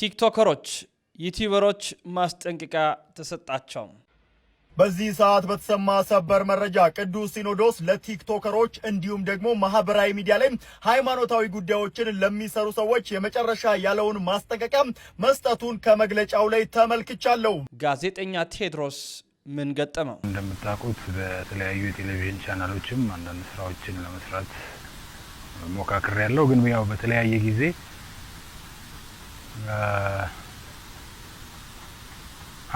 ቲክቶከሮች ዩቲዩበሮች ማስጠንቀቂያ ተሰጣቸው። በዚህ ሰዓት በተሰማ ሰበር መረጃ ቅዱስ ሲኖዶስ ለቲክቶከሮች እንዲሁም ደግሞ ማህበራዊ ሚዲያ ላይ ሃይማኖታዊ ጉዳዮችን ለሚሰሩ ሰዎች የመጨረሻ ያለውን ማስጠንቀቂያ መስጠቱን ከመግለጫው ላይ ተመልክቻለሁ። ጋዜጠኛ ቴድሮስ ምን ገጠመው? እንደምታውቁት በተለያዩ የቴሌቪዥን ቻናሎችም አንዳንድ ስራዎችን ለመስራት ሞካክሬ ያለው ግን ያው በተለያየ ጊዜ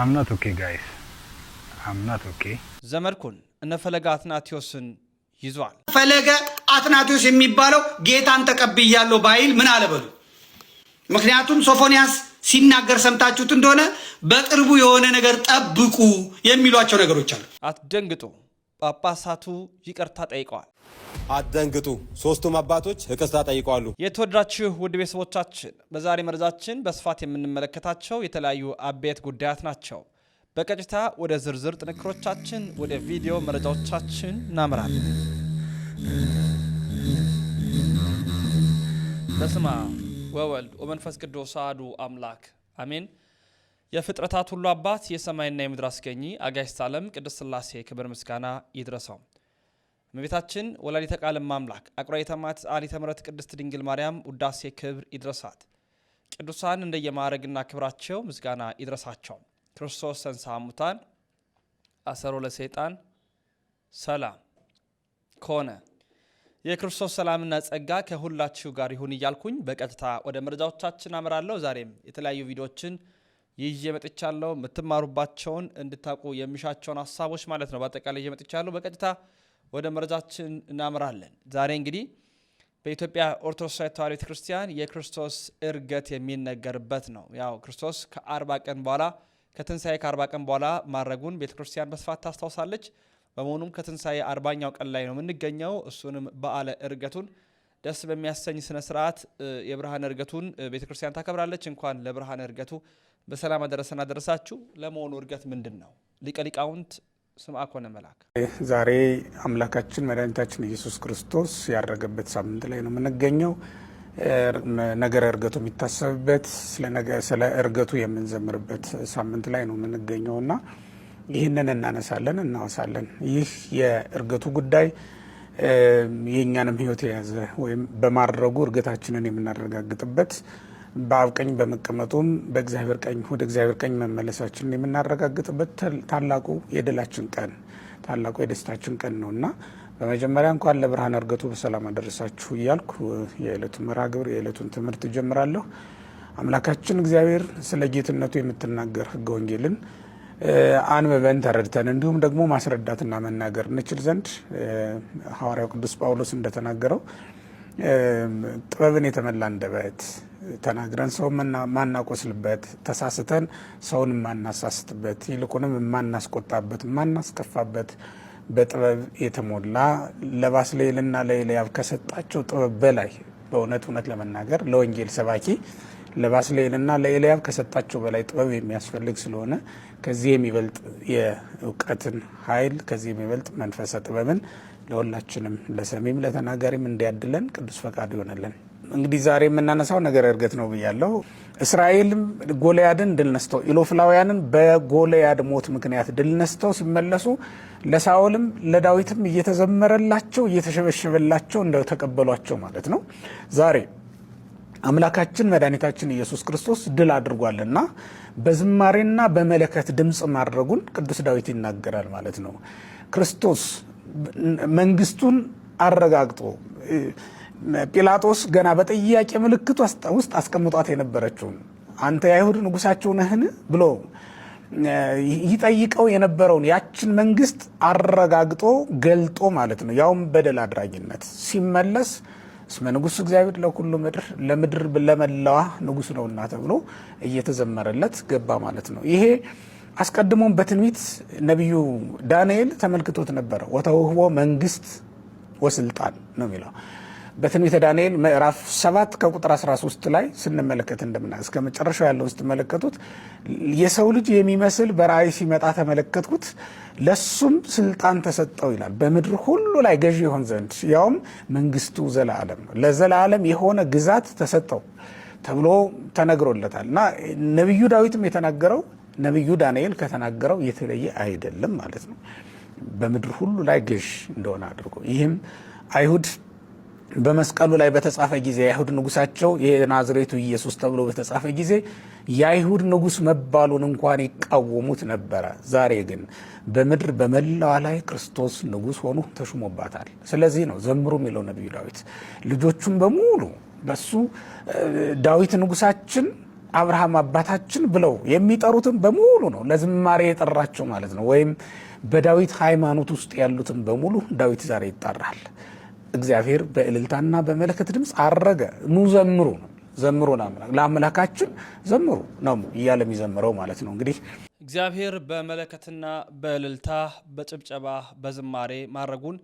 አም ኦኬ ጋይስ አም ኦኬ። ዘመድኩን እነ ፈለገ አትናቴዎስን ይዟል። ፈለገ አትናቴዎስ የሚባለው ጌታን ተቀብያለሁ ባይል ምን አለበሉ። ምክንያቱም ሶፎንያስ ሲናገር ሰምታችሁት እንደሆነ በቅርቡ የሆነ ነገር ጠብቁ የሚሏቸው ነገሮች አሉ። አትደንግጡ ጳጳሳቱ ይቅርታ ጠይቀዋል። አደንግጡ ሶስቱም አባቶች ይቅርታ ጠይቀዋሉ። የተወደዳችሁ ውድ ቤተሰቦቻችን በዛሬ መረጃችን በስፋት የምንመለከታቸው የተለያዩ አበይት ጉዳያት ናቸው። በቀጥታ ወደ ዝርዝር ጥንክሮቻችን ወደ ቪዲዮ መረጃዎቻችን እናምራለን። በስመ አብ ወወልድ ወመንፈስ ቅዱስ አሐዱ አምላክ አሜን። የፍጥረታት ሁሉ አባት የሰማይና የምድር አስገኚ አጋዕዝተ ዓለም ቅድስት ሥላሴ ክብር ምስጋና ይድረሰው። እመቤታችን ወላዲተ ቃል አምላክ አቁራ የተማት አሊተ ምሕረት ቅድስት ድንግል ማርያም ውዳሴ ክብር ይድረሳት። ቅዱሳን እንደየማዕረግና ክብራቸው ምስጋና ይድረሳቸው። ክርስቶስ ተንሥአ እሙታን አሰሮ ለሰይጣን ሰላም ከሆነ የክርስቶስ ሰላምና ጸጋ ከሁላችሁ ጋር ይሁን እያልኩኝ በቀጥታ ወደ መረጃዎቻችን አመራለሁ። ዛሬም የተለያዩ ቪዲዮዎችን ይዤ መጥቻለሁ። የምትማሩባቸውን እንድታውቁ የሚሻቸውን ሀሳቦች ማለት ነው በአጠቃላይ ይዤ መጥቻለሁ። በቀጥታ ወደ መረጃችን እናምራለን። ዛሬ እንግዲህ በኢትዮጵያ ኦርቶዶክስ ተዋሕዶ ቤተ ክርስቲያን የክርስቶስ እርገት የሚነገርበት ነው። ያው ክርስቶስ ከአርባ ቀን በኋላ ከትንሣኤ ከአርባ ቀን በኋላ ማድረጉን ቤተ ክርስቲያን በስፋት ታስታውሳለች። በመሆኑም ከትንሣኤ አርባኛው ቀን ላይ ነው የምንገኘው። እሱንም በዓለ እርገቱን ደስ በሚያሰኝ ስነ ስርዓት የብርሃን እርገቱን ቤተ ክርስቲያን ታከብራለች። እንኳን ለብርሃነ እርገቱ በሰላም አደረሰን አደረሳችሁ። ለመሆኑ እርገት ምንድን ነው? ሊቀ ሊቃውንት ስምዐ ኮነ መላክ ዛሬ አምላካችን መድኃኒታችን ኢየሱስ ክርስቶስ ያረገበት ሳምንት ላይ ነው የምንገኘው። ነገረ እርገቱ የሚታሰብበት ስለ እርገቱ የምንዘምርበት ሳምንት ላይ ነው የምንገኘው እና ይህንን እናነሳለን እናወሳለን። ይህ የእርገቱ ጉዳይ የእኛንም ህይወት የያዘ ወይም በማድረጉ እርገታችንን የምናረጋግጥበት በአብ ቀኝ በመቀመጡም በእግዚአብሔር ቀኝ ወደ እግዚአብሔር ቀኝ መመለሳችንን የምናረጋግጥበት ታላቁ የድላችን ቀን ታላቁ የደስታችን ቀን ነው እና በመጀመሪያ እንኳን ለብርሃን እርገቱ በሰላም አደረሳችሁ እያልኩ የዕለቱን መርሃ ግብር የዕለቱን ትምህርት እጀምራለሁ። አምላካችን እግዚአብሔር ስለ ጌትነቱ የምትናገር ህገ ወንጌልን አንብበን ተረድተን እንዲሁም ደግሞ ማስረዳትና መናገር እንችል ዘንድ ሐዋርያው ቅዱስ ጳውሎስ እንደተናገረው ጥበብን የተመላ አንደበት ተናግረን ሰው ማናቆስልበት፣ ተሳስተን ሰውን የማናሳስትበት፣ ይልቁንም የማናስቆጣበት፣ የማናስከፋበት በጥበብ የተሞላ ለባስ ለይልና ያብ ከሰጣቸው ጥበብ በላይ በእውነት እውነት ለመናገር ለወንጌል ሰባኪ ለባስሌልና ለኤልያብ ከሰጣቸው በላይ ጥበብ የሚያስፈልግ ስለሆነ ከዚህ የሚበልጥ የእውቀትን ኃይል ከዚህ የሚበልጥ መንፈሰ ጥበብን ለሁላችንም ለሰሚም ለተናጋሪም እንዲያድለን ቅዱስ ፈቃድ ይሆነልን። እንግዲህ ዛሬ የምናነሳው ነገር እርገት ነው ብያለሁ። እስራኤልም ጎልያድን ድል ነስተው ኢሎፍላውያንን በጎልያድ ሞት ምክንያት ድል ነስተው ሲመለሱ ለሳኦልም ለዳዊትም እየተዘመረላቸው እየተሸበሸበላቸው እንደተቀበሏቸው ማለት ነው ዛሬ አምላካችን መድኃኒታችን ኢየሱስ ክርስቶስ ድል አድርጓልና በዝማሬና በመለከት ድምፅ ማድረጉን ቅዱስ ዳዊት ይናገራል ማለት ነው። ክርስቶስ መንግስቱን አረጋግጦ ጲላጦስ ገና በጥያቄ ምልክት ውስጥ አስቀምጧት የነበረችውን አንተ የአይሁድ ንጉሳቸው ነህን ብሎ ይጠይቀው የነበረውን ያችን መንግስት አረጋግጦ ገልጦ ማለት ነው ያውም በደል አድራጊነት ሲመለስ እስመ ንጉሥ እግዚአብሔር ለኩሉ ምድር ለምድር ለመላዋ ንጉስ ነውና ተብሎ እየተዘመረለት ገባ ማለት ነው። ይሄ አስቀድሞም በትንቢት ነቢዩ ዳንኤል ተመልክቶት ነበረ። ወተውህቦ መንግስት ወስልጣን ነው የሚለው በትንቢተ ዳንኤል ምዕራፍ 7 ከቁጥር 13 ላይ ስንመለከት እንደምና እስከ መጨረሻው ያለውን ስትመለከቱት የሰው ልጅ የሚመስል በራእይ ሲመጣ ተመለከትኩት፣ ለሱም ስልጣን ተሰጠው ይላል በምድር ሁሉ ላይ ገዢ ይሆን ዘንድ ያውም መንግስቱ ዘላለም ነው። ለዘላለም የሆነ ግዛት ተሰጠው ተብሎ ተነግሮለታል እና ነቢዩ ዳዊትም የተናገረው ነቢዩ ዳንኤል ከተናገረው የተለየ አይደለም ማለት ነው። በምድር ሁሉ ላይ ገዥ እንደሆነ አድርጎ ይህም አይሁድ በመስቀሉ ላይ በተጻፈ ጊዜ የአይሁድ ንጉሳቸው የናዝሬቱ ኢየሱስ ተብሎ በተጻፈ ጊዜ የአይሁድ ንጉስ መባሉን እንኳን ይቃወሙት ነበረ። ዛሬ ግን በምድር በመላዋ ላይ ክርስቶስ ንጉስ ሆኖ ተሹሞባታል። ስለዚህ ነው ዘምሩ የሚለው ነቢዩ ዳዊት ልጆቹም በሙሉ በሱ ዳዊት ንጉሳችን አብርሃም አባታችን ብለው የሚጠሩትን በሙሉ ነው ለዝማሬ የጠራቸው ማለት ነው። ወይም በዳዊት ሃይማኖት ውስጥ ያሉትን በሙሉ ዳዊት ዛሬ ይጠራል። እግዚአብሔር በእልልታና በመለከት ድምፅ አረገ ኑ ዘምሩ ነው ዘምሩ ለአምላካችን ዘምሩ ነው እያለ የሚዘምረው ማለት ነው። እንግዲህ እግዚአብሔር በመለከትና በእልልታ በጭብጨባ በዝማሬ ማድረጉን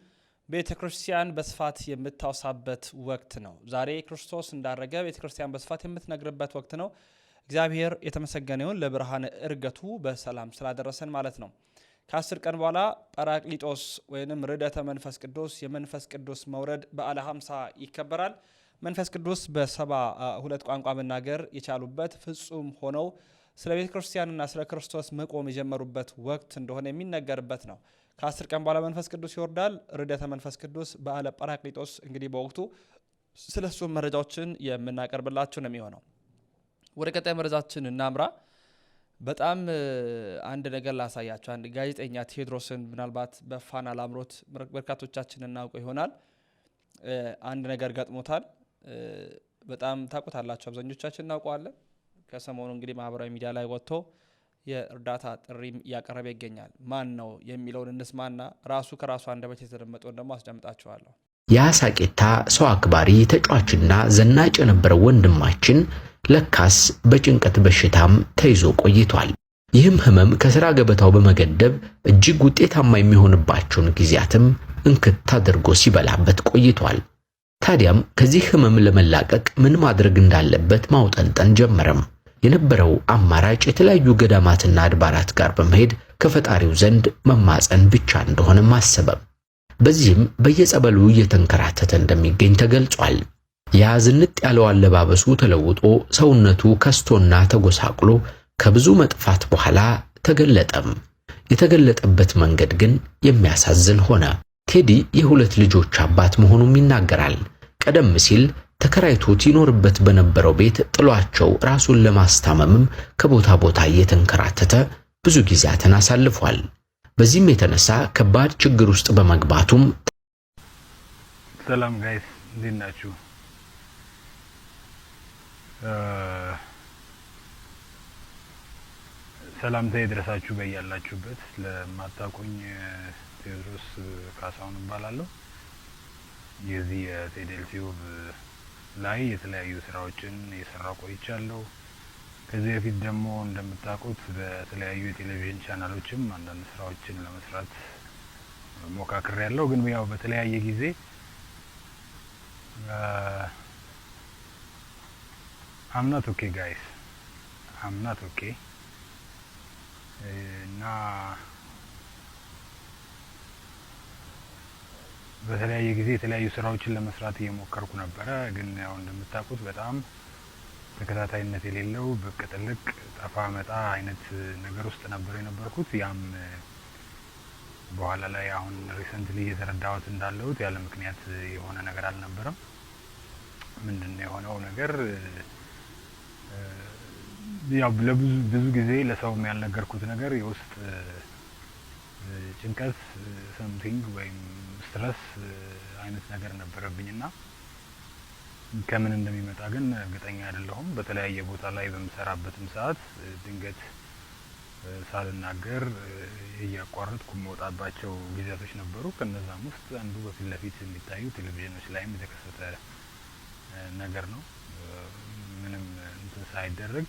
ቤተ ክርስቲያን በስፋት የምታውሳበት ወቅት ነው። ዛሬ ክርስቶስ እንዳረገ ቤተ ክርስቲያን በስፋት የምትነግርበት ወቅት ነው። እግዚአብሔር የተመሰገነውን ለብርሃን እርገቱ በሰላም ስላደረሰን ማለት ነው። ከአስር ቀን በኋላ ጰራቅሊጦስ ወይም ርደተ መንፈስ ቅዱስ የመንፈስ ቅዱስ መውረድ በዓለ ሀምሳ ይከበራል። መንፈስ ቅዱስ በሰባ ሁለት ቋንቋ መናገር የቻሉበት ፍጹም ሆነው ስለ ቤተ ክርስቲያንና ስለ ክርስቶስ መቆም የጀመሩበት ወቅት እንደሆነ የሚነገርበት ነው። ከአስር ቀን በኋላ መንፈስ ቅዱስ ይወርዳል። ርደተ መንፈስ ቅዱስ በዓለ ጰራቅሊጦስ እንግዲህ በወቅቱ ስለ እሱም መረጃዎችን የምናቀርብላችሁ ነው የሚሆነው። ወደ ቀጣይ መረጃችን እናምራ። በጣም አንድ ነገር ላሳያቸው። አንድ ጋዜጠኛ ቴዎድሮስን ምናልባት በፋና ላምሮት በርካቶቻችን እናውቀው ይሆናል። አንድ ነገር ገጥሞታል። በጣም ታውቁታላችሁ፣ አብዛኞቻችን እናውቀዋለን። ከሰሞኑ እንግዲህ ማህበራዊ ሚዲያ ላይ ወጥቶ የእርዳታ ጥሪ እያቀረበ ይገኛል። ማን ነው የሚለውን እንስማና ራሱ ከራሱ አንደበት የተደመጠውን ደግሞ አስደምጣችኋለሁ። የአሳቄታ ሰው አክባሪ ተጫዋችና ዘናጭ የነበረው ወንድማችን ለካስ በጭንቀት በሽታም ተይዞ ቆይቷል። ይህም ህመም ከሥራ ገበታው በመገደብ እጅግ ውጤታማ የሚሆንባቸውን ጊዜያትም እንክት አድርጎ ሲበላበት ቆይቷል። ታዲያም ከዚህ ህመም ለመላቀቅ ምን ማድረግ እንዳለበት ማውጠንጠን ጀመረም። የነበረው አማራጭ የተለያዩ ገዳማትና አድባራት ጋር በመሄድ ከፈጣሪው ዘንድ መማፀን ብቻ እንደሆነም አሰበም። በዚህም በየጸበሉ እየተንከራተተ እንደሚገኝ ተገልጿል። ያ ዝንጥ ያለው አለባበሱ ተለውጦ ሰውነቱ ከስቶና ተጎሳቅሎ ከብዙ መጥፋት በኋላ ተገለጠም። የተገለጠበት መንገድ ግን የሚያሳዝን ሆነ። ቴዲ የሁለት ልጆች አባት መሆኑም ይናገራል። ቀደም ሲል ተከራይቶት ይኖርበት በነበረው ቤት ጥሏቸው ራሱን ለማስታመምም ከቦታ ቦታ እየተንከራተተ ብዙ ጊዜያትን አሳልፏል። በዚህም የተነሳ ከባድ ችግር ውስጥ በመግባቱም ሰላም ጋይስ እንዴት ናችሁ? ሰላምታ የደረሳችሁ በያላችሁበት። ለማታቆኝ ቴዎድሮስ ካሳሁን እባላለሁ። የዚህ የቴዴልቲዩብ ላይ የተለያዩ ስራዎችን የሰራው ቆይቻለሁ። ከዚህ በፊት ደግሞ እንደምታውቁት በተለያዩ የቴሌቪዥን ቻናሎችም አንዳንድ ስራዎችን ለመስራት ሞካክር ያለው ግን ያው በተለያየ ጊዜ አምናት ኦኬ ጋይስ አምናት ኦኬ እና በተለያየ ጊዜ የተለያዩ ስራዎችን ለመስራት እየሞከርኩ ነበረ። ግን ያው እንደምታውቁት በጣም ተከታታይነት የሌለው ብቅ ጥልቅ ጠፋ መጣ አይነት ነገር ውስጥ ነበር የነበርኩት። ያም በኋላ ላይ አሁን ሪሰንትሊ እየተረዳሁት እንዳለሁት ያለ ምክንያት የሆነ ነገር አልነበረም። ምንድን ነው የሆነው ነገር ያው ለብዙ ብዙ ጊዜ ለሰውም ያልነገርኩት ነገር የውስጥ ጭንቀት ሰምቲንግ ወይም ስትረስ አይነት ነገር ነበረብኝና። ከምን እንደሚመጣ ግን እርግጠኛ አይደለሁም። በተለያየ ቦታ ላይ በምሰራበትም ሰዓት ድንገት ሳልናገር እያቋረጥኩ የምወጣባቸው ጊዜያቶች ነበሩ። ከነዛም ውስጥ አንዱ በፊት ለፊት የሚታዩ ቴሌቪዥኖች ላይም የተከሰተ ነገር ነው። ምንም እንትን ሳይደረግ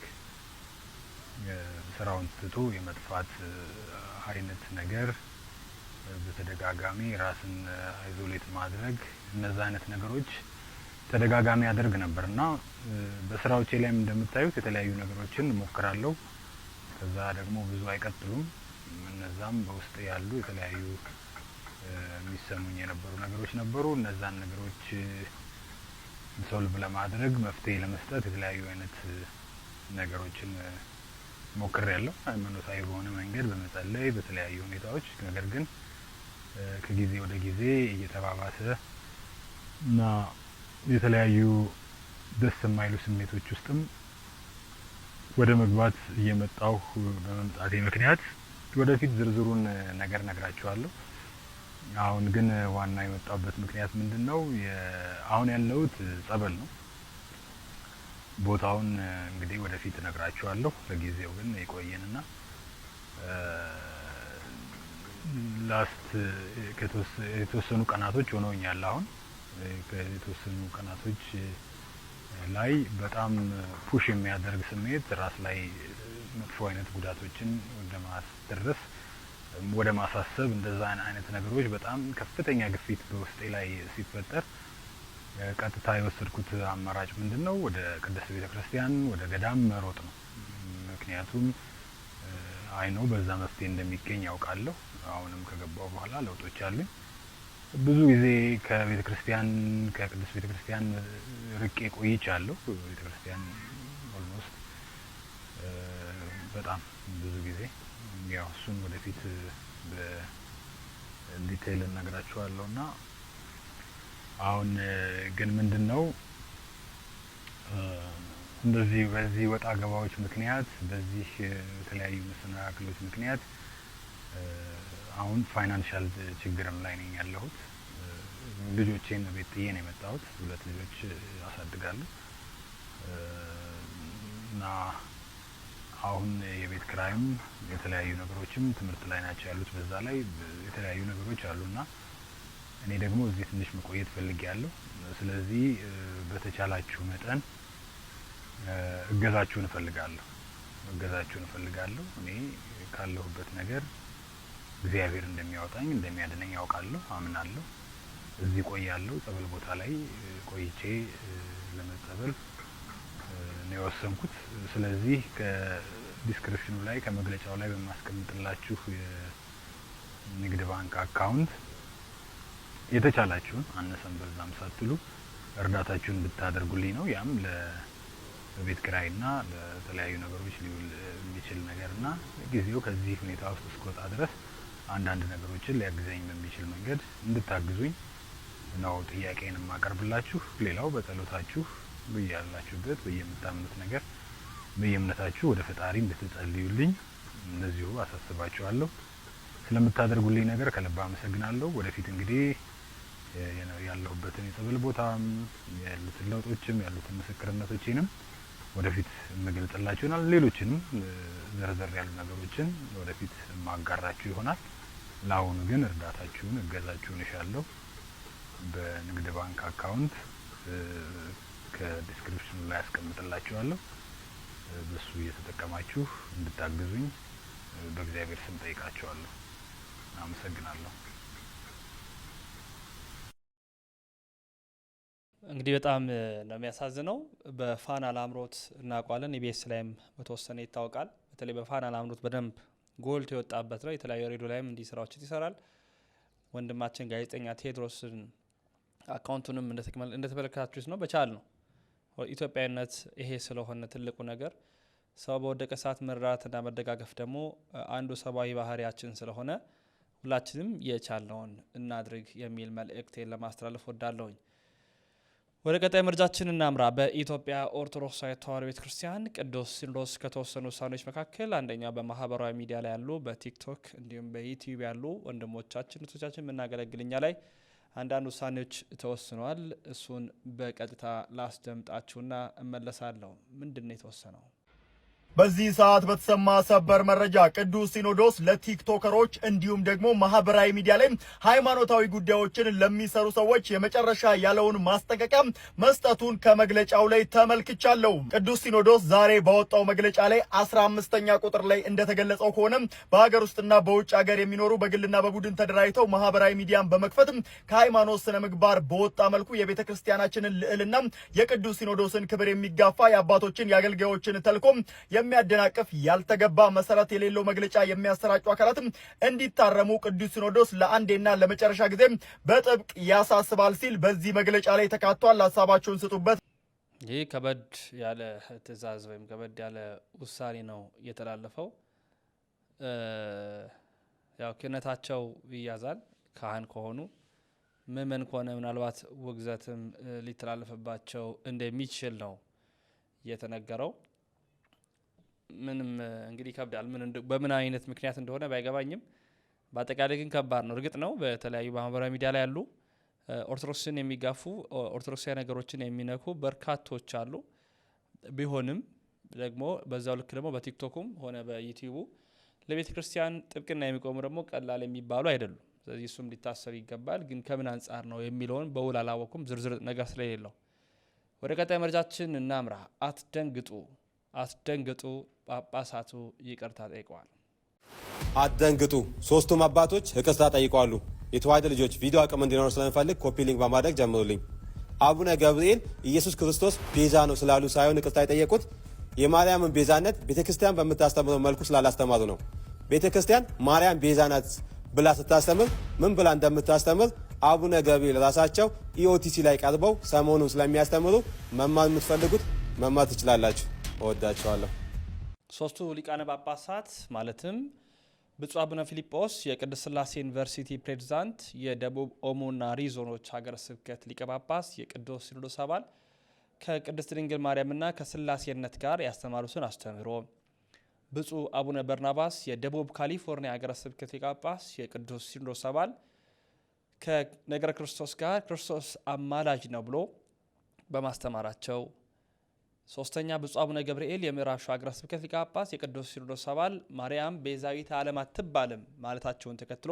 ስራውን ትቶ የመጥፋት አይነት ነገር በተደጋጋሚ ራስን አይዞሌት ማድረግ እነዛ አይነት ነገሮች ተደጋጋሚ ያደርግ ነበር እና በስራዎቼ ላይም እንደምታዩት የተለያዩ ነገሮችን ሞክራለሁ። ከዛ ደግሞ ብዙ አይቀጥሉም። እነዛም በውስጥ ያሉ የተለያዩ የሚሰሙኝ የነበሩ ነገሮች ነበሩ። እነዛን ነገሮች ሶልቭ ለማድረግ መፍትሄ ለመስጠት የተለያዩ አይነት ነገሮችን ያለው ሃይማኖታዊ በሆነ መንገድ በመጸለይ በተለያዩ ሁኔታዎች ነገር ግን ከጊዜ ወደ ጊዜ እየተባባሰ እና የተለያዩ ደስ የማይሉ ስሜቶች ውስጥም ወደ መግባት እየመጣሁ በመምጣቴ ምክንያት ወደፊት ዝርዝሩን ነገር ነግራችኋለሁ። አሁን ግን ዋና የመጣሁበት ምክንያት ምንድን ነው? አሁን ያለሁት ጸበል ነው። ቦታውን እንግዲህ ወደፊት ነግራችኋለሁ። ለጊዜው ግን የቆየንና ላስት የተወሰኑ ቀናቶች ሆነውኛል አሁን የተወሰኑ ቀናቶች ላይ በጣም ፑሽ የሚያደርግ ስሜት ራስ ላይ መጥፎ አይነት ጉዳቶችን ወደ ማስደረስ ወደ ማሳሰብ እንደዛ አይነት ነገሮች በጣም ከፍተኛ ግፊት በውስጤ ላይ ሲፈጠር ቀጥታ የወሰድኩት አማራጭ ምንድን ነው? ወደ ቅድስት ቤተ ክርስቲያን ወደ ገዳም መሮጥ ነው። ምክንያቱም አይኖ በዛ መፍትሄ እንደሚገኝ ያውቃለሁ። አሁንም ከገባው በኋላ ለውጦች አሉኝ። ብዙ ጊዜ ከቤተ ክርስቲያን ከቅዱስ ቤተ ክርስቲያን ርቄ ቆይቻለሁ። ቤተ ክርስቲያን ኦልሞስት በጣም ብዙ ጊዜ ያው እሱን ወደፊት በዲቴይል እነግራችኋለሁ እና አሁን ግን ምንድን ነው እንደዚህ በዚህ ወጣ ገባዎች ምክንያት በዚህ የተለያዩ መሰናክሎች ምክንያት አሁን ፋይናንሻል ችግርም ላይ ነኝ ያለሁት። ልጆቼን ቤት ጥዬ ነው የመጣሁት። ሁለት ልጆች አሳድጋለሁ እና አሁን የቤት ክራይም የተለያዩ ነገሮችም ትምህርት ላይ ናቸው ያሉት። በዛ ላይ የተለያዩ ነገሮች አሉና እኔ ደግሞ እዚህ ትንሽ መቆየት ፈልጌያለሁ። ስለዚህ በተቻላችሁ መጠን እገዛችሁን እፈልጋለሁ እገዛችሁን እፈልጋለሁ። እኔ ካለሁበት ነገር እግዚአብሔር እንደሚያወጣኝ እንደሚያድነኝ ያውቃለሁ፣ አምናለሁ። እዚህ ቆያለሁ። ጸበል ቦታ ላይ ቆይቼ ለመጸበል ነው የወሰንኩት። ስለዚህ ከዲስክሪፕሽኑ ላይ ከመግለጫው ላይ በማስቀምጥላችሁ የንግድ ባንክ አካውንት የተቻላችሁን አነሰን በዛም ሳትሉ እርዳታችሁን ብታደርጉልኝ ነው። ያም ለቤት ኪራይና ለተለያዩ ነገሮች ሊውል የሚችል ነገርና ጊዜው ከዚህ ሁኔታ ውስጥ እስከወጣ ድረስ አንዳንድ ነገሮችን ሊያግዘኝ በሚችል መንገድ እንድታግዙኝ ነው ጥያቄን የማቀርብላችሁ። ሌላው በጸሎታችሁ በያላችሁበት በየምታምኑት ነገር በየእምነታችሁ ወደ ፈጣሪ እንድትጸልዩልኝ እንደዚሁ አሳስባችኋለሁ። ስለምታደርጉልኝ ነገር ከልብ አመሰግናለሁ። ወደፊት እንግዲህ ያለሁበትን የጸበል ቦታም ያሉትን ለውጦችም ያሉትን ምስክርነቶችንም ወደፊት ይሆናል ሌሎችንም ዘርዘር ያሉ ነገሮችን ወደፊት ማጋራችሁ ይሆናል። ለአሁኑ ግን እርዳታችሁን፣ እገዛችሁን እሻለሁ። በንግድ ባንክ አካውንት ከዲስክሪፕሽኑ ላይ ያስቀምጥላችኋለሁ። በሱ እየተጠቀማችሁ እንድታግዙኝ በእግዚአብሔር ስም ጠይቃችኋለሁ። አመሰግናለሁ። እንግዲህ በጣም ነው የሚያሳዝነው። በፋና ላምሮት እናቋለን ኢቢኤስ ላይም በተወሰነ ይታወቃል። በተለይ በፋና ላምሮት በደንብ ጎልቶ የወጣበት ነው። የተለያዩ ሬዲዮ ላይም እንዲህ ስራዎችን ይሰራል። ወንድማችን ጋዜጠኛ ቴዎድሮስን አካውንቱንም እንደተመለከታችሁት ነው። በቻል ነው ኢትዮጵያዊነት ይሄ ስለሆነ ትልቁ ነገር ሰው በወደቀ ሰዓት መራራትና መደጋገፍ ደግሞ አንዱ ሰብአዊ ባህሪያችን ስለሆነ ሁላችንም የቻልነውን እናድርግ የሚል መልእክቴን ለማስተላለፍ ወዳለሁኝ። ወደ ቀጣይ መረጃችን እናምራ። በኢትዮጵያ ኦርቶዶክስ ተዋሕዶ ቤተ ክርስቲያን ቅዱስ ሲኖዶስ ከተወሰኑ ውሳኔዎች መካከል አንደኛው በማህበራዊ ሚዲያ ላይ ያሉ በቲክቶክ እንዲሁም በዩቲዩብ ያሉ ወንድሞቻችን እህቶቻችን የምናገለግልኛ ላይ አንዳንድ ውሳኔዎች ተወስነዋል። እሱን በቀጥታ ላስደምጣችሁና እመለሳለሁ። ምንድን ነው የተወሰነው? በዚህ ሰዓት በተሰማ ሰበር መረጃ ቅዱስ ሲኖዶስ ለቲክቶከሮች እንዲሁም ደግሞ ማህበራዊ ሚዲያ ላይ ሃይማኖታዊ ጉዳዮችን ለሚሰሩ ሰዎች የመጨረሻ ያለውን ማስጠንቀቂያ መስጠቱን ከመግለጫው ላይ ተመልክቻለሁ። ቅዱስ ሲኖዶስ ዛሬ ባወጣው መግለጫ ላይ አስራ አምስተኛ ቁጥር ላይ እንደተገለጸው ከሆነ በሀገር ውስጥና በውጭ ሀገር የሚኖሩ በግልና በቡድን ተደራጅተው ማህበራዊ ሚዲያን በመክፈት ከሃይማኖት ስነ ምግባር በወጣ መልኩ የቤተ ክርስቲያናችንን ልዕልና የቅዱስ ሲኖዶስን ክብር የሚጋፋ የአባቶችን የአገልጋዮችን ተልኮም የሚያደናቅፍ ያልተገባ መሰረት የሌለው መግለጫ የሚያሰራጩ አካላትም እንዲታረሙ ቅዱስ ሲኖዶስ ለአንዴና ለመጨረሻ ጊዜ በጥብቅ ያሳስባል ሲል በዚህ መግለጫ ላይ ተካቷል። ሀሳባቸውን ስጡበት። ይህ ከበድ ያለ ትዕዛዝ ወይም ከበድ ያለ ውሳኔ ነው እየተላለፈው። ያው ክህነታቸው ይያዛል ካህን ከሆኑ ምእመን ከሆነ ምናልባት ውግዘትም ሊተላለፍባቸው እንደሚችል ነው የተነገረው። ምንም እንግዲህ ይከብዳል። ምን በምን አይነት ምክንያት እንደሆነ ባይገባኝም በአጠቃላይ ግን ከባድ ነው። እርግጥ ነው በተለያዩ በማህበራዊ ሚዲያ ላይ ያሉ ኦርቶዶክስን የሚጋፉ ኦርቶዶክሳዊ ነገሮችን የሚነኩ በርካቶች አሉ። ቢሆንም ደግሞ በዛው ልክ ደግሞ በቲክቶኩም ሆነ በዩቲዩቡ ለቤተ ክርስቲያን ጥብቅና የሚቆሙ ደግሞ ቀላል የሚባሉ አይደሉም። ስለዚህ እሱም ሊታሰብ ይገባል። ግን ከምን አንጻር ነው የሚለውን በውል አላወቅኩም፣ ዝርዝር ነገር ስለሌለው ወደ ቀጣይ መረጃችን እናምራ። አትደንግጡ አስደንግጡ፣ ጳጳሳቱ ይቅርታ ጠይቀዋል። አትደንግጡ፣ ሶስቱም አባቶች ይቅርታ ጠይቀዋሉ። የተዋሕደ ልጆች ቪዲዮ አቅም እንዲኖር ስለምፈልግ ኮፒ ሊንክ በማድረግ ጀምሩልኝ። አቡነ ገብርኤል ኢየሱስ ክርስቶስ ቤዛ ነው ስላሉ ሳይሆን ይቅርታ የጠየቁት የማርያምን ቤዛነት ቤተ ክርስቲያን በምታስተምረው መልኩ ስላላስተማሩ ነው። ቤተ ክርስቲያን ማርያም ቤዛ ናት ብላ ስታስተምር ምን ብላ እንደምታስተምር አቡነ ገብርኤል ራሳቸው ኢኦቲሲ ላይ ቀርበው ሰሞኑን ስለሚያስተምሩ መማር የምትፈልጉት መማር ትችላላችሁ። እወዳቸዋለሁ። ሶስቱ ሊቃነ ጳጳሳት ማለትም ብፁዕ አቡነ ፊልጶስ የቅድስት ስላሴ ዩኒቨርሲቲ ፕሬዚዳንት፣ የደቡብ ኦሞና ሪ ዞኖች ሀገረ ስብከት ሊቀ ጳጳስ፣ የቅዱስ ሲኖዶስ አባል ከቅድስት ድንግል ማርያምና ከስላሴነት ጋር ያስተማሩትን አስተምህሮ፣ ብፁዕ አቡነ በርናባስ የደቡብ ካሊፎርኒያ ሀገረ ስብከት ሊቀ ጳጳስ፣ የቅዱስ ሲኖዶስ አባል ከነገረ ክርስቶስ ጋር ክርስቶስ አማላጅ ነው ብሎ በማስተማራቸው ሶስተኛ ብፁዕ አቡነ ገብርኤል የምዕራብ ሸዋ ሀገረ ስብከት ሊቀ ጳጳስ የቅዱስ ሲኖዶስ አባል ማርያም ቤዛዊተ ዓለም አትባልም ማለታቸውን ተከትሎ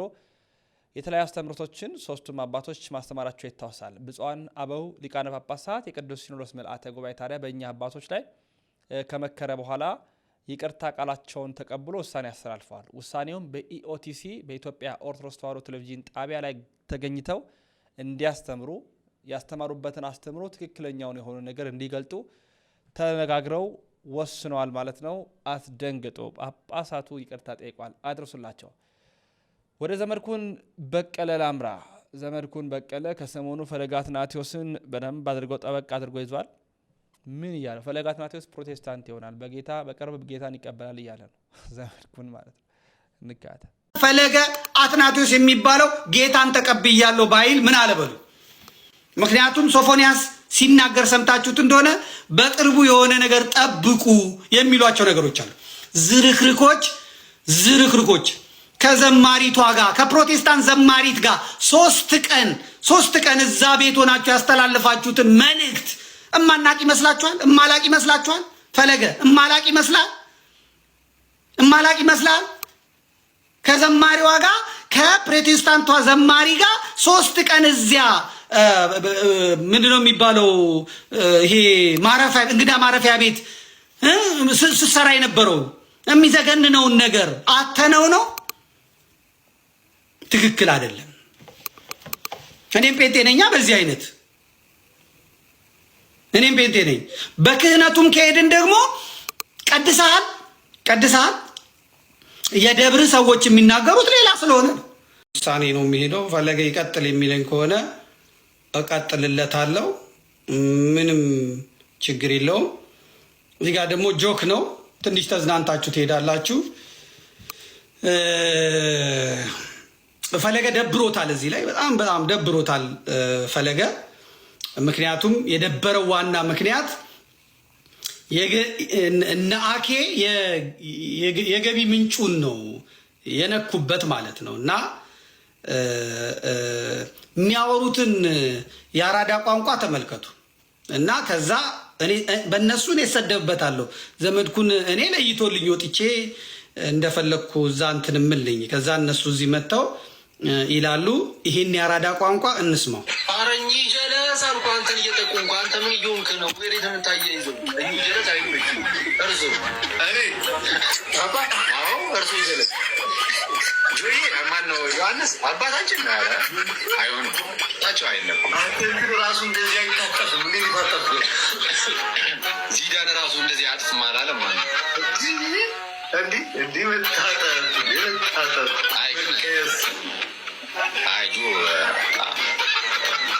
የተለያዩ አስተምህሮቶችን ሶስቱም አባቶች ማስተማራቸው ይታወሳል። ብፁዓን አበው ሊቃነ ጳጳሳት የቅዱስ ሲኖዶስ ምልአተ ጉባኤ ታዲያ በእኛ አባቶች ላይ ከመከረ በኋላ ይቅርታ ቃላቸውን ተቀብሎ ውሳኔ አስተላልፈዋል። ውሳኔውም በኢኦቲሲ በኢትዮጵያ ኦርቶዶክስ ተዋሕዶ ቴሌቪዥን ጣቢያ ላይ ተገኝተው እንዲያስተምሩ ያስተማሩበትን አስተምሮ ትክክለኛውን የሆኑ ነገር እንዲገልጡ ተነጋግረው ወስነዋል ማለት ነው። አስደንግጦ ጳጳሳቱ ይቅርታ ጠይቋል። አድርሱላቸው። ወደ ዘመድኩን በቀለ ላምራ። ዘመድኩን በቀለ ከሰሞኑ ፈለገ አትናቴዎስን በደንብ አድርገው ጠበቅ አድርጎ ይዟል። ምን እያለ ፈለገ አትናቴዎስ ፕሮቴስታንት ይሆናል፣ በጌታ በቅርብ ጌታን ይቀበላል እያለ ነው። ዘመድኩን ማለት ነው። ፈለገ አትናቴዎስ የሚባለው ጌታን ተቀብያለሁ ባይል ምን አለበሉ። ምክንያቱም ሶፎንያስ ሲናገር ሰምታችሁት እንደሆነ በቅርቡ የሆነ ነገር ጠብቁ የሚሏቸው ነገሮች አሉ። ዝርክርኮች ዝርክርኮች ከዘማሪቷ ጋር ከፕሮቴስታንት ዘማሪት ጋር ሶስት ቀን ሶስት ቀን እዛ ቤት ሆናችሁ ያስተላልፋችሁትን መልእክት እማናቅ ይመስላችኋል? እማላቅ ይመስላችኋል? ፈለገ እማላቅ ይመስላል? እማላቅ ይመስላል? ከዘማሪዋ ጋር ከፕሮቴስታንቷ ዘማሪ ጋር ሶስት ቀን እዚያ ምንድነው የሚባለው ይሄ ማረፊያ እንግዳ ማረፊያ ቤት ስትሰራ የነበረው የሚዘገንነውን ነገር አተነው ነው። ትክክል አይደለም። እኔም ጴንጤ ነኛ። በዚህ አይነት እኔም ጴንጤ ነኝ። በክህነቱም ከሄድን ደግሞ ቀድሰሃል ቀድሰሃል የደብር ሰዎች የሚናገሩት ሌላ ስለሆነ ውሳኔ ነው የሚሄደው። ፈለገ ይቀጥል የሚለኝ ከሆነ እቀጥልለታለሁ። ምንም ችግር የለውም። እዚህ ጋር ደግሞ ጆክ ነው። ትንሽ ተዝናንታችሁ ትሄዳላችሁ። ፈለገ ደብሮታል። እዚህ ላይ በጣም በጣም ደብሮታል ፈለገ። ምክንያቱም የደበረው ዋና ምክንያት እነ አኬ የገቢ ምንጩን ነው የነኩበት ማለት ነው እና የሚያወሩትን የአራዳ ቋንቋ ተመልከቱ እና ከዛ በእነሱ እኔ እሰደብበታለሁ። ዘመድኩን እኔ ለይቶልኝ ወጥቼ እንደፈለግኩ እዛ እንትን እምልኝ ከዛ እነሱ እዚህ መጥተው ይላሉ። ይህን የአራዳ ቋንቋ እንስማው። አረኝ ጀለስ አልኩህ። አንተን እየጠቁ እንኳ አንተ ምን እየሆንክ ነው? ጀለስ ዮሐንስ አባታችን ነው ያለ አይሆንም። ታቸው አይለም ራሱ እንደዚህ አይታጠፍም። ምን ይታጠፍ? ዚዳን ራሱ እንደዚህ አጥፍም አላለም ማለት ነው። እንዲህ እንዲህ መታጠፍ መታጠፍ አይ አይ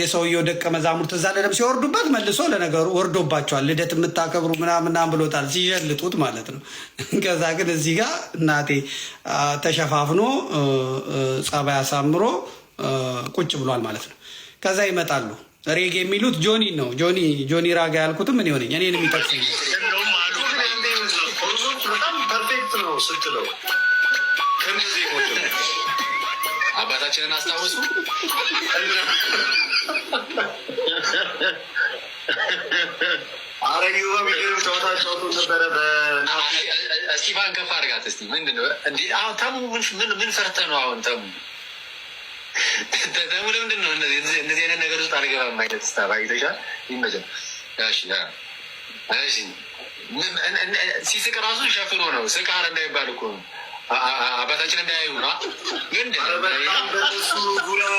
የሰውየው ደቀ መዛሙርት እዛ ለደም ሲወርዱበት መልሶ ለነገሩ ወርዶባቸዋል። ልደት የምታከብሩ ምናምናም ብሎታል፣ ሲሸልጡት ማለት ነው። ከዛ ግን እዚህ ጋር እናቴ ተሸፋፍኖ ጸባይ አሳምሮ ቁጭ ብሏል ማለት ነው። ከዛ ይመጣሉ። ሬጌ የሚሉት ጆኒ ነው። ጆኒ ጆኒ ራጋ ያልኩትም ምን ሆነኝ እኔን የሚጠቅሰኝ ራሳችንን አስታውሱ። እስቲ ባን ከፍ አድርጋት እስቲ ምንድን ነው አሁን ተሙ ምን ፈርተህ ነው አሁን ተሙ ተሙ ለምንድን ነው እንደዚህ አይነት ነገር ውስጥ አልገባም አይነት ስታባ ይተሻል ይመጀል ሲስቅ ራሱ ሸፍኖ ነው ስቃር እንዳይባል እኮ ነው አባታችን እንዳያዩ ና ግን በሱ ዙሪያ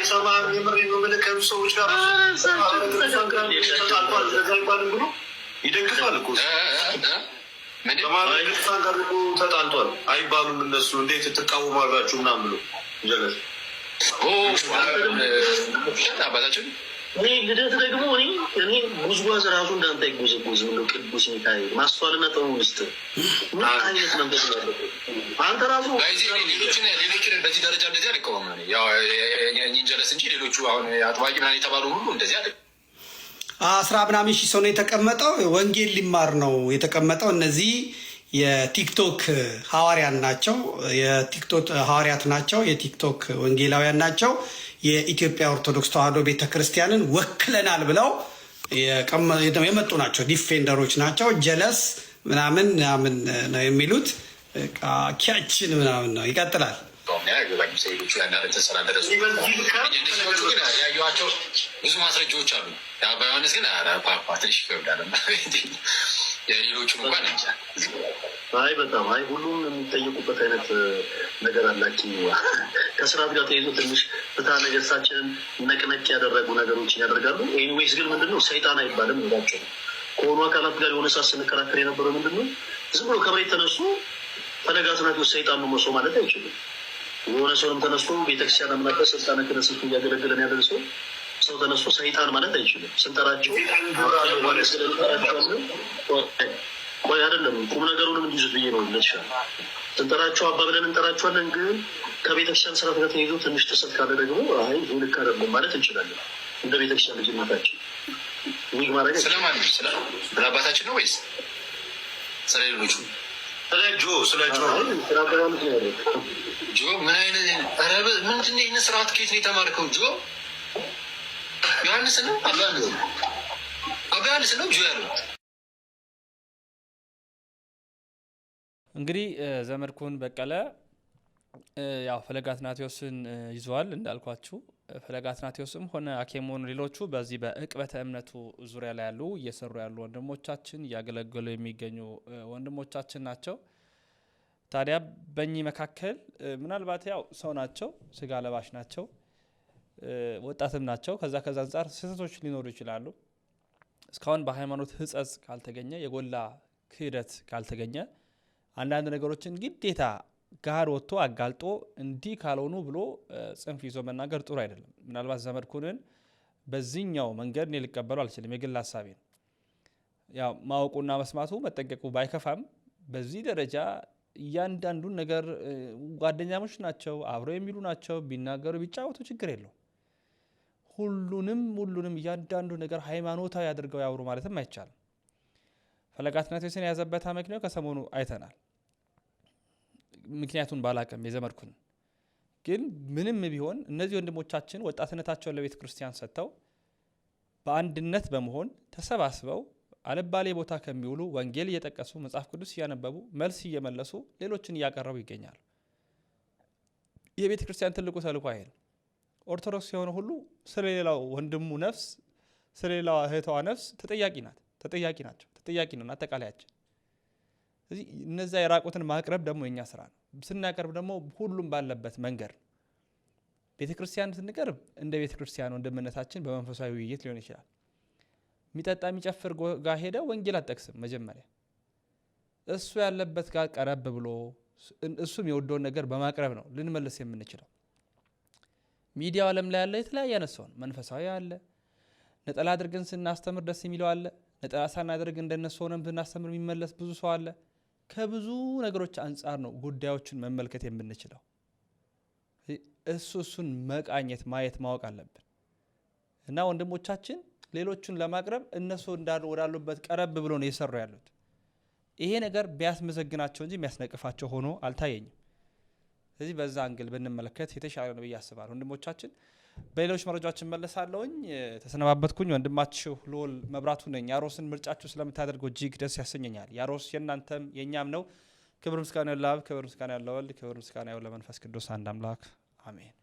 የሰማ የምር የምልክ ሰዎች ጋር ይደግፋል እኮ ማለትሳን ጋር ተጣልቷል አይባሉም እነሱ እንዴት ትቃወማላችሁ ምናምን ብሎ አባታችን እኔ ልደት ደግሞ እኔ እኔ ጉዝጓዝ ራሱ እንዳንተ ይጎዘጎዝ ብለው ቅዱስ ሚካኤል ማስተዋልና ጥሩ ውስጥ ምን አይነት መንገድ ነው አንተ ራሱ ሌሎችን በዚህ ደረጃ እንደዚህ አልቀወም። እንጀለስ እንጂ ሌሎቹ አሁን አጥባቂ ምናምን የተባሉ ሁሉ እንደዚህ አለ አስራ ምናምን ሺህ ሰው ነው የተቀመጠው። ወንጌል ሊማር ነው የተቀመጠው። እነዚህ የቲክቶክ ሐዋርያን ናቸው። የቲክቶክ ሐዋርያት ናቸው። የቲክቶክ ወንጌላውያን ናቸው። የኢትዮጵያ ኦርቶዶክስ ተዋሕዶ ቤተክርስቲያንን ወክለናል ብለው የመጡ ናቸው። ዲፌንደሮች ናቸው። ጀለስ ምናምን ምናምን ነው የሚሉት። ኪያችን ምናምን ነው። ይቀጥላል። ብዙ ማስረጃዎች አሉ። በዮሐንስ ግን ፓፓ ትንሽ ይከብዳል። ሌሎችም እንኳን አይ በጣም አይ ሁሉም የሚጠየቁበት አይነት ነገር አላቸው። ከስርዓት ጋር ተይዞ ትንሽ ፍትሐ ነገሥታችንን ነቅነቅ ያደረጉ ነገሮችን ያደርጋሉ። ኤኒዌይስ ግን ምንድነው ሰይጣን አይባልም ላቸው ከሆኑ አካላት ጋር የሆነ ሰዓት ስንከራከር የነበረው ምንድነው ዝም ብሎ ከመሬት ተነሱ ተነጋትናቸው ሰይጣን ነው ሰው ማለት አይችሉም። የሆነ ሰውንም ተነስቶ ቤተክርስቲያን አምናበት ስልጣነ ክነስልቱ እያገለገለን ያደርሰው ሰው ተነሱ ሰይጣን ማለት አይችልም። ስንጠራቸው ቆይ አይደለም ቁም ነገሩንም እንዲይዙት ብዬ ነው ይለሻል። ስንጠራቸው አባ ብለን እንጠራቸዋለን፣ ግን ከቤተክርስቲያን ስርዓት ጋር ተይዞ ትንሽ ተሰት ካለ ደግሞ አይ ይህ ልክ አይደለም ማለት እንችላለን። እንደ ቤተክርስቲያን ልጅነታችን ይህ ማድረግ ስለማን ስለ አባታችን ነው ወይስ ስለ ሌሎቹ ስለ ጆ ስለ ጆ ጆ ምን አይነት ረብ ምንድን ይህን ስርዓት ከየት ነው የተማርከው ጆ? ዮሐንስ ነው አባ ዮሐንስ ነው ጁያ ነው። እንግዲህ ዘመድኩን በቀለ ያው ፈለገ አትናቴዎስን ይዘዋል እንዳልኳችሁ። ፈለገ አትናቴዎስም ሆነ አኬሞን ሌሎቹ በዚህ በእቅበተ እምነቱ ዙሪያ ላይ ያሉ እየሰሩ ያሉ ወንድሞቻችን እያገለገሉ የሚገኙ ወንድሞቻችን ናቸው። ታዲያ በእኚህ መካከል ምናልባት ያው ሰው ናቸው፣ ስጋ ለባሽ ናቸው ወጣትም ናቸው። ከዛ ከዛ አንጻር ስህተቶች ሊኖሩ ይችላሉ። እስካሁን በሃይማኖት ህጸጽ ካልተገኘ የጎላ ክህደት ካልተገኘ አንዳንድ ነገሮችን ግዴታ ጋር ወጥቶ አጋልጦ እንዲህ ካልሆኑ ብሎ ጽንፍ ይዞ መናገር ጥሩ አይደለም። ምናልባት ዘመድኩንን በዚህኛው መንገድ እኔ ልቀበሉ አልችልም፣ የግል ሀሳቤ ነው። ያው ማወቁና መስማቱ መጠንቀቁ ባይከፋም በዚህ ደረጃ እያንዳንዱን ነገር ጓደኛሞች ናቸው፣ አብረው የሚሉ ናቸው፣ ቢናገሩ ቢጫወቱ ችግር የለው ሁሉንም ሁሉንም እያንዳንዱ ነገር ሃይማኖታዊ አድርገው ያውሩ ማለትም አይቻልም። ፈለጋትነቴስን የያዘበት ምክንያት ከሰሞኑ አይተናል። ምክንያቱን ባላቅም የዘመድኩን ግን ምንም ቢሆን እነዚህ ወንድሞቻችን ወጣትነታቸውን ለቤተ ክርስቲያን ሰጥተው በአንድነት በመሆን ተሰባስበው አልባሌ ቦታ ከሚውሉ ወንጌል እየጠቀሱ መጽሐፍ ቅዱስ እያነበቡ መልስ እየመለሱ ሌሎችን እያቀረቡ ይገኛሉ። የቤተ ክርስቲያን ትልቁ ተልእኮ አይሄን ኦርቶዶክስ የሆነ ሁሉ ስለሌላው ወንድሙ ነፍስ፣ ስለሌላው እህቷ ነፍስ ተጠያቂ ናት፣ ተጠያቂ ናቸው፣ ተጠያቂ ነን አጠቃላያችን። ስለዚህ እነዚያ የራቁትን ማቅረብ ደግሞ የኛ ስራ ነው። ስናቀርብ ደግሞ ሁሉም ባለበት መንገድ ነው። ቤተ ክርስቲያን ስንቀርብ እንደ ቤተ ክርስቲያን ወንድምነታችን በመንፈሳዊ ውይይት ሊሆን ይችላል። የሚጠጣ የሚጨፍር ጋር ሄደ ወንጌል አጠቅስም። መጀመሪያ እሱ ያለበት ጋር ቀረብ ብሎ እሱም የወደውን ነገር በማቅረብ ነው ልንመልስ የምንችለው። ሚዲያው ዓለም ላይ ያለ የተለያየ አይነት ሰው መንፈሳዊ አለ። ነጠላ አድርገን ስናስተምር ደስ የሚለው አለ። ነጠላ ሳናደርግ እንደነሱ ሆነን ብናስተምር የሚመለስ ብዙ ሰው አለ። ከብዙ ነገሮች አንጻር ነው ጉዳዮችን መመልከት የምንችለው። እሱ እሱን መቃኘት፣ ማየት፣ ማወቅ አለብን እና ወንድሞቻችን ሌሎቹን ለማቅረብ እነሱ እንዳሉ ወዳሉበት ቀረብ ብሎ ነው የሰሩ ያሉት። ይሄ ነገር ቢያስመዘግናቸው እንጂ የሚያስነቅፋቸው ሆኖ አልታየኝም። ስለዚህ በዛ አንግል ብንመለከት የተሻለ ነው ብዬ አስባለሁ። ወንድሞቻችን በሌሎች መረጃዎች መለሳለውኝ ተሰነባበትኩኝ። ወንድማችሁ ሎል መብራቱ ነኝ። ያሮስን ምርጫችሁ ስለምታደርገው እጅግ ደስ ያሰኘኛል። ያሮስ የእናንተም የእኛም ነው። ክብር ምስጋና ለአብ፣ ክብር ምስጋና ለወልድ፣ ክብር ምስጋና ለመንፈስ ቅዱስ አንድ አምላክ አሜን።